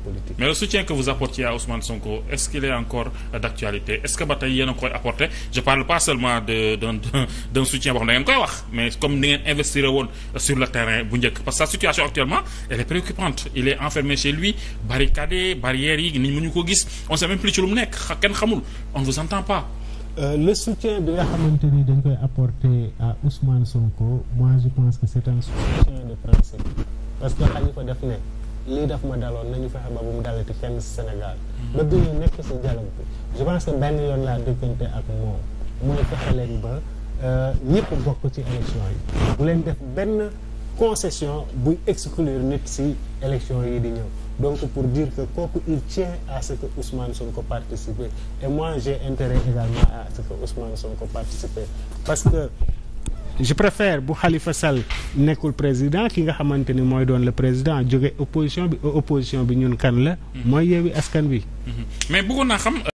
politique. mais le soutien que vous apportiez à Ousmane Sonko est-ce qu'il est encore d'actualité est-ce que ba tey koy apporté je parle pas seulement de d'un soutien boo xam ne ngeen koy wax mais comme ni ngeen investir woon sur le terrain bu njëkk parce que sa situation actuellement elle est préoccupante il est enfermé chez lui barricadé barrières yi ni mënuñu ko gis on sait même plus ci lu mu nekk kenn xamul on vous entend pas. Euh, le soutien bi nga xamante lii daf ma daloon nañu fexe ba bu mu dalati kenn Sénégal. bëgg na nekk si dialogue bi je pense que benn yoon laa déggante ak moom mooy fexe leen ba euh, ñëpp bokk ci élection yi bu leen def benn concession buy exclure nit si élection yi di ñëw donc pour dire que kooku il tient à ce que Ousmane ko participe et moi j'ai intérêt également à ce que Ousmane Sonko participe parce que je préfère bu Khalifa Sall nekkul président ki nga xamante ni mooy doon le président jóge opposition bi opposition bi ñun kan la. Mhm. mooy Yewwi Askan Wi. Mhm. mais bëggoon naa xam.